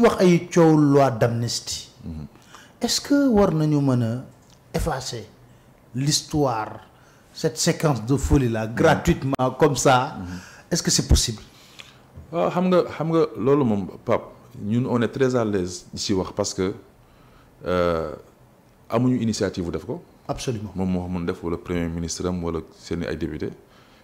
wax loi d'amnistie mhm. est-ce que war nañu effacer l'histoire cette séquence de folie là mhm. gratuitement comme ça mhm. est-ce que c'est possible ah, xam on est très à l'aise ici parce que nous avons une initiative. absolument Nous suis le premier ministre et wala député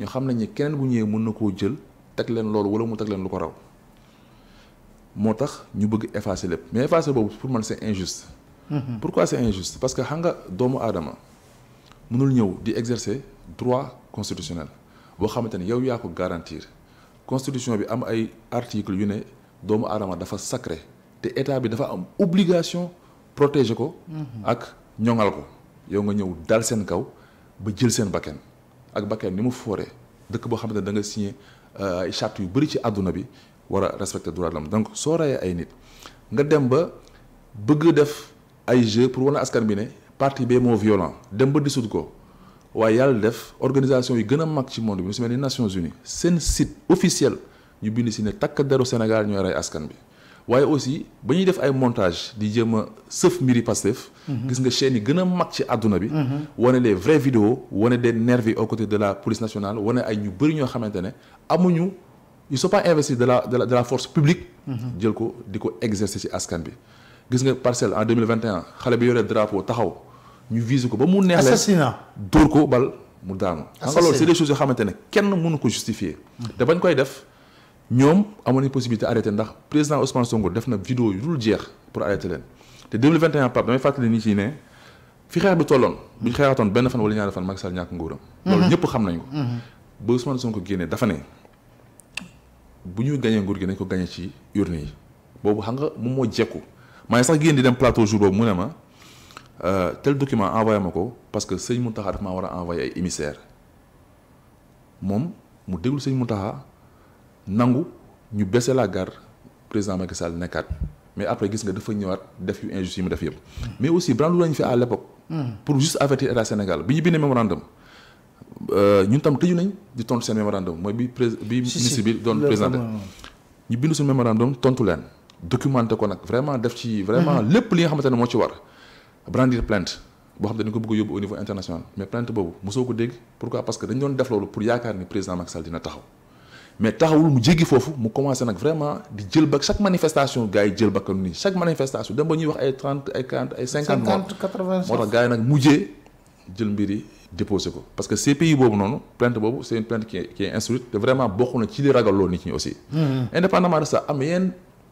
ñu xam nañ ne keneen bu ñëwee mun na koo jël teg leen loolu wala mu teg leen lu ko raw moo tax ñu bëgg effacer lépp mais effacer boobu pour man c'est injuste. Mhm. pourquoi c'est injuste parce que xam nga doomu aadama mënul ñëw di exercer droit constitutionnel boo xamante ne yow yaa ko garantir constitution bi am ay articles yu ne doomu aadama dafa sacré te état bi dafa am obligation protéger ko. Mhm. ak ñoŋal ko yow nga ñëw daal seen kaw ba jël seen bakkan. ak Bakel ni mu foré dëkk boo xamante ne da nga signé euh, ay charte yu bëri ci àdduna bi war a respecter droit de l'homme donc soo rayee ay nit nga dem ba bëgg def ay jeu pour wane askan bi ne parti bee moo violent dem ba dissoudre ko waaye yàlla def organisation yu gën a mag ci monde bi mu mel ni Nations Unies seen site officiel ñu bind si ne takk deru Sénégal ñooy rey askan bi waaye aussi ba def ay montage di jéem seuf miri mbiri Pastef mhm. gis nga chaîne yi gën mag ci aduna bi mhm. woné les vraies vidéos woné des nervis aux côtés de la police nationale woné ay ñu bëri ñoo xamantene amuñu ils sont pas investis de la de la de la force publique mhm. jël ko diko exercer ci askan bi gis nga parcelle en 2021 xalé bi yoré drapeau taxaw ñu vise ko ba mu neex assassinat dóor ko bal mu daanu c'est des choses yoo xamante kenn mënu ko justifier te bañ koy def ñom amone possibilité arrêté ndax président Ousmane Sonko def na vidéo yu dul jeex pour arrêté leen té 2021 Pape damay fàttali ni ci ne fi xeex bi tolon bu ñu ben fan wala ñaar fan Macky Sall ñak nguuram. Mhm. loolu ñëpp xam nañ ko. Mhm. ba Ousmane Sonko génnee dafa né bu ñuy gañee nguur gi nañ ko gañee ci yurné yi bobu xanga mo mo jéku jekku sax génn di dem plateau jour boobu mu né ma euh tel document envoyé mako parce que sëñ Mountakha dafa ma wara envoyer ay émissaire mom mu déglu sëñ Mountakha nangu ñu baisser la garde président Macky Sall nekat mais après gis nga dafa ñëwaat def yu injustice mu def yëpp. mais aussi brandu lañ fi à l'époque hmm. pour juste avertir la Sénégal bi ñu memorandum euh ñun tam tëju nañ di tontu seen memorandum moy bi bi ministre bi doon présenté ñu bindu suñu memorandum tontu leen documenté ko nak vraiment def ci vraiment hmm. lepp li nga xamantene mo ci war brandir plainte bo xam ne dañ ko bëgg a yóbbu au niveau international mais plainte bobu mosoo ko dégg pourquoi parce que dañ doon def lolu pour yaakaar ni président Macky Sall dina taxaw mais taxawul mu djegi fofu mu commencer nak vraiment di djel bak chaque manifestation gay djel bakam ni chaque manifestation dem ba ñuy wax ay 30 ay 40 ay 50 50 80 gars, gay nak mu djé djel mbiri déposer ko parce que pays bobu nonu plainte bobu c'est une plainte qui est, insolite. est vraiment beaucoup de ci li ragal lo nit aussi mm -hmm. indépendamment de ça am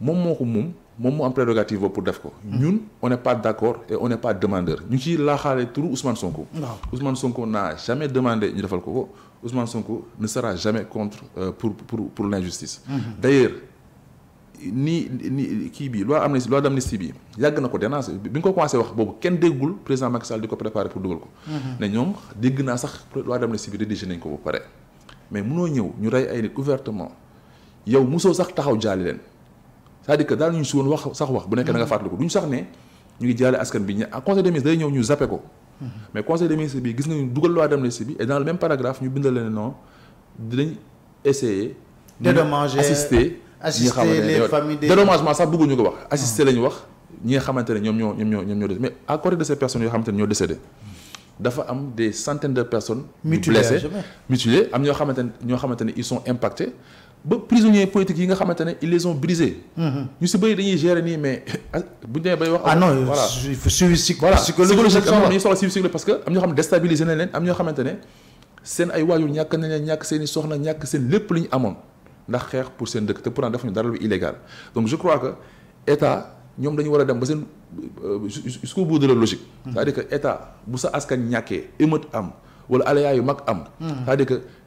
moom moo ko moom prérogative pour def ko. ñun on n'est pas d'accord et on n'est pas demandeur ñu ciy laaxaale turu Ousmane Sonko. waaw Ousmane Sonko n'a jamais demandé ñu defal ko ko Ousmane Sonko ne sera jamais contre euh, pour pour pour l'injustice. Mhm. d'ailleurs ni ni qui bi loi amnistie loi d'amnistie bi yàgg na ko dénoncé bi nga ko commencé wax boobu kenn déggul président Macky Sall di ko préparer pour dugal ko. Mhm. ne ñoom dégg naa sax loi d'amnistie bi rédigé nañ ko ba pare mais munoo ñëw ñu rey ay nit ouvertement yow mosoo sax taxaw jaali leen c'est-à-dire que ñu conseil des ministres day ñu mm-hmm. Mais conseil des ministres bi gis été loi et dans le même paragraphe nous bindal dit, non d'assister assister assister les wax mais à côté de ces personnes ils ont mm-hmm. des centaines de personnes blessées mutilées ils sont impactés ba prisonniers politiques yi nga xamante ne ils les ont brisés. Mhm. ñu si bëri dañuy gérer nii mais buñu demee bay wax. ah non voilà suivi voilà psychologique am na ñu soxla suivi parce que am ñoo xam ne am ñoo xamante seen ay waajur ñak nañ ñak ñàkk seen soxna ñak seen lepp lu ñu ndax xex pour seen dëkk te pourtant defuñu dara lu illégal donc je crois que état ñom dañu wara dem ba seen euh, jusqu'au bout de la logique. Mhm. c'est-à-dire que état bu sa askan ñaké émeute am wala aléa yu mag am. Mhm. c'est-à-dire que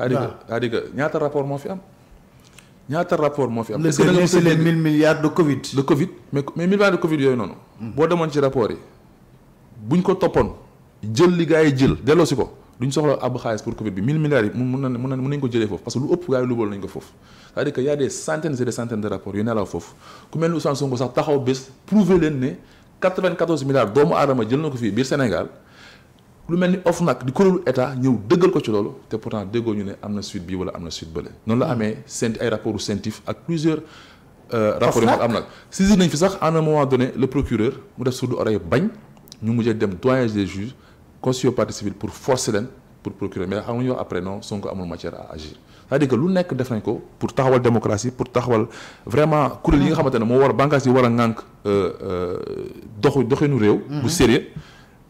waaw cest ñaata rapport mo fi am ñaata rapport mo fi am. est-ce que da c'est les 1000 milliards de Covid. de Covid mais mais 1000 milliards de Covid yoy non. Hmm. bo demone ci rapport yi buñ ko toppoon jël li gars jël delloo si ko duñ soxla ab xaalis pour Covid bi 1000 milliards yi mun nañ nañ ko jëlé foofu parce que lu ëpp gars lu bol nañ ko foofu. c'est-à-dire que y a des centaines et des centaines de rapports yu nelaw foofu ku mel Ousmane Sonko sax taxaw bés prouver leen né 94 milliards doomu aadama jël nako fi fii biir Sénégal lu mel ni OFNAC di kuréelu état ñëw dëggal ko ci pourtant déggoo ñu ne am suite bi wala amna suite beulé non la hmm. amé sent ay rapport yu ak plusieurs. Euh, rapports yu mag am fi sax à un moment donné le procureur mu def soudou oreille bagn ñu mujjee dem doyage des juges constitué partie civile pour forcer leen pour procurer mais xam nga après non Sonko amul matière à agir c'est-à-dire que lu nekk def nañ ko pour taxawal démocratie pour taxawal vraiment kuréel yi nga hmm. xamanté mo moo war bànqaas yi ngank euh euh doxu doxinu réew. Hmm. bu sérieux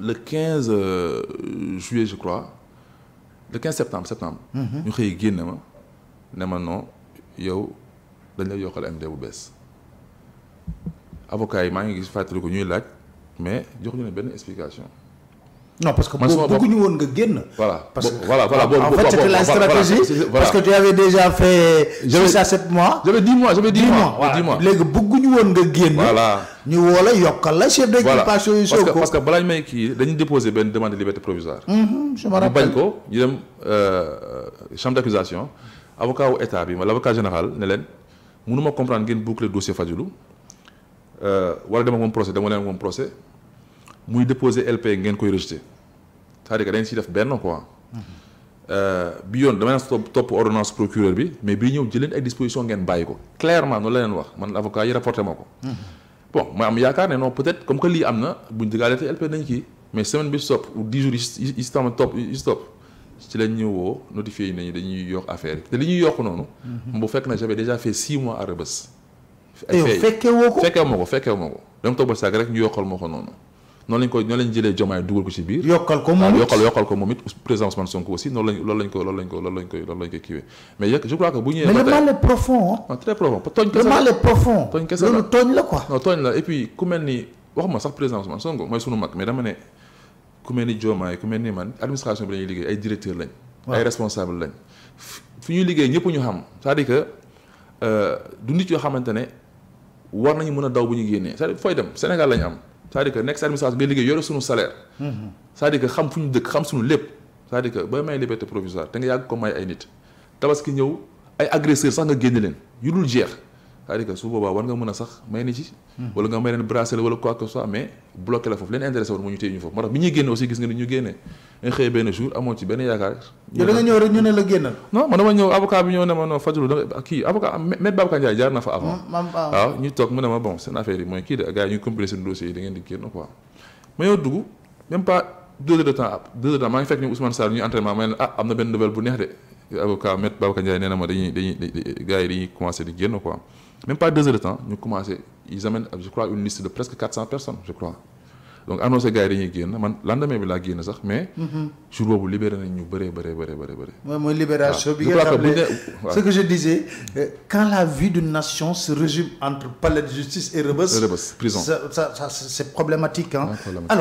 le 15 euh, juillet je crois le 15 septembre septembre. Mhm. ñu xëy ma non yow dañ avocat mais jox ñu explication. non parce que nous avons nga voilà parce que voilà voilà en fait c'était la stratégie. parce que tu avais déjà fait. j'avais à 7 mois. j'avais 10 mois j'avais 10 mois. 10 mois les voilà parce que déposé demande de liberté provisoire. Mhm, je euh, chambre d'accusation avocat au état l'avocat général ne comprendre boucle dossier Fadjoulou. Euh, procès procès déposé LP rejeté c'est-à-dire que quoi. Mhm. Euh, bi yoon dama naan topp ordonnance procureur bi mais bii ñëw jëleen ay disposition ngeen bàyyi ko clairement noonu la leen wax man avocat yi rapporté ma ko. Hmm. bon ma am yaakaar ne non peut-être comme que lii am na buñ dëggaale te LP nañ kii mais semaine bi stop ou 10 jours yi yi stop yi stop ci lañ ñu woo notifié yi nañu dañuy yokk affaire yi te li ñuy yokk noonu. Hmm. bu fekk na j'avais déjà fait 6 mois à Rebeuss. ay fekkee woo ko fekkee woo ko fekkee woo ko dama toog ba rek ñu yokkal moo ko noonu non lañ koy non lañ jëlee jomaay dugal ko ci biir yokal ko momit yokal yokal ko momit it président Ousmane Sonko aussi noonu lañ lol lañ ko lol lañ ko lol lañ ko lol lañ koy kiiwee mais yëg je crois que bu ñëwee mais le mal est profond hein. ah très profond tooñ kese le mal est profond tooñ kese loolu togn la quoi non togn la et puis ku melni waxuma sax président Ousmane Sonko moy sunu mak mais dama né ku melni ni jomaay ku mel man administration bi lañuy liggéey ay directeur lañ ay responsable lañ fi ñuy liggéey ñëpp ñu xam c'est-à-dire que euh, du nit yoo xamante war nañu mëna daw bu ñu génnee c'est-à-dire fooy dem Sénégal lañu am c'est-à-dire que nekk si administration que salaire. c'est-à-dire que xam fu ñu xam suñu c'est-à-dire que booy may liberté provisoire te nga yàgg ko may ay nit tabaski ñëw ay agresseurs sax nga génne leen yu dul salaire. c'est-à-dire que su boobaa war nga mën a sax may ni ci hmm. wala nga may leen bracelet wala quoi que soit mais bloqué la foofu leen intéressé woon moo ñu téye ñu foofu moo tax bi ñuy génne aussi gis nga ni ñu génne nga xëy benn jour amoo ci benn yaakaar yow da nga ñëw rek ñu ne la génnal non man dama ñëw avocat bi ñëw ne ma non fajulu da nga kii avocat maître Babacar Ndiaye jaar na fa avant waaw ñu toog mu ne ma bon seen affaire yi mooy kii de gars yi ñu compilé seen dossier yi da ngeen di génn quoi ma ñëw dugg même pas deux heures de temps ab deux heures de temps maa ngi fekk ni Ousmane Sarr ñu entraînement ma ne ah am na benn nouvelle bu neex de avocat maître Babacar Ndiaye nee na ma dañuy dañuy gars yi dañuy commencé di génn quoi même pas deux heures de temps nous commencé ils amènent je crois une liste de presque 400 personnes je crois donc annoncé gars yi dañuy man lendemain bi la génn sax mais. Mhm. jour dois vous libérer, ñu libérer, bëree libérer, Oui, Mon libération ce que je disais euh, quand la vie d'une nation se résume entre palais de justice et rebosse, prison ça c'est problématique hein. alors.